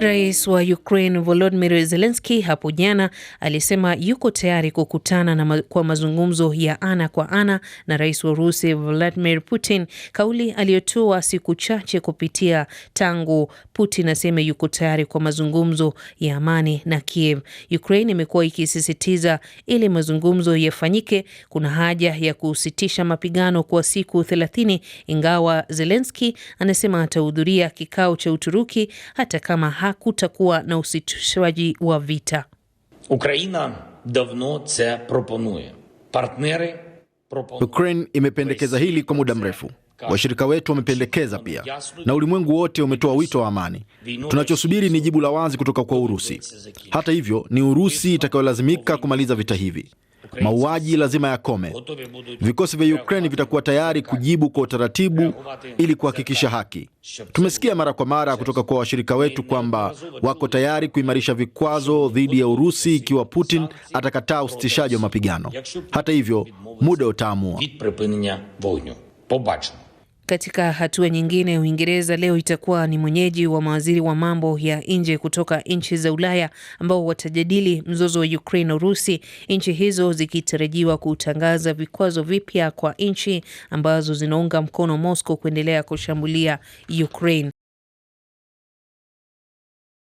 Rais wa Ukraine Volodymyr Zelensky hapo jana alisema yuko tayari kukutana na ma kwa mazungumzo ya ana kwa ana na rais wa Urusi Vladimir Putin, kauli aliyotoa siku chache kupitia tangu Putin aseme yuko tayari kwa mazungumzo ya amani na Kiev. Ukraine imekuwa ikisisitiza ili mazungumzo yafanyike, kuna haja ya kusitisha mapigano kwa siku thelathini ingawa Zelensky anasema atahudhuria kikao cha Uturuki hata kama hakutakuwa na usitishwaji wa vita. Ukraina davno ce proponuje partneri Ukraine imependekeza hili kwa muda mrefu, washirika wetu wamependekeza pia, na ulimwengu wote umetoa wito wa amani. Tunachosubiri ni jibu la wazi kutoka kwa Urusi. Hata hivyo, ni Urusi itakayolazimika kumaliza vita hivi. Mauaji lazima yakome. Vikosi vya Ukraine vitakuwa tayari kujibu kwa utaratibu ili kuhakikisha haki. Tumesikia mara kwa mara kutoka kwa washirika wetu kwamba wako tayari kuimarisha vikwazo dhidi ya Urusi ikiwa Putin atakataa usitishaji wa mapigano. Hata hivyo, muda utaamua. Katika hatua nyingine, Uingereza leo itakuwa ni mwenyeji wa mawaziri wa mambo ya nje kutoka nchi za Ulaya ambao watajadili mzozo wa Ukraine na Urusi, nchi hizo zikitarajiwa kutangaza vikwazo vipya kwa nchi ambazo zinaunga mkono Moscow kuendelea kushambulia Ukraine.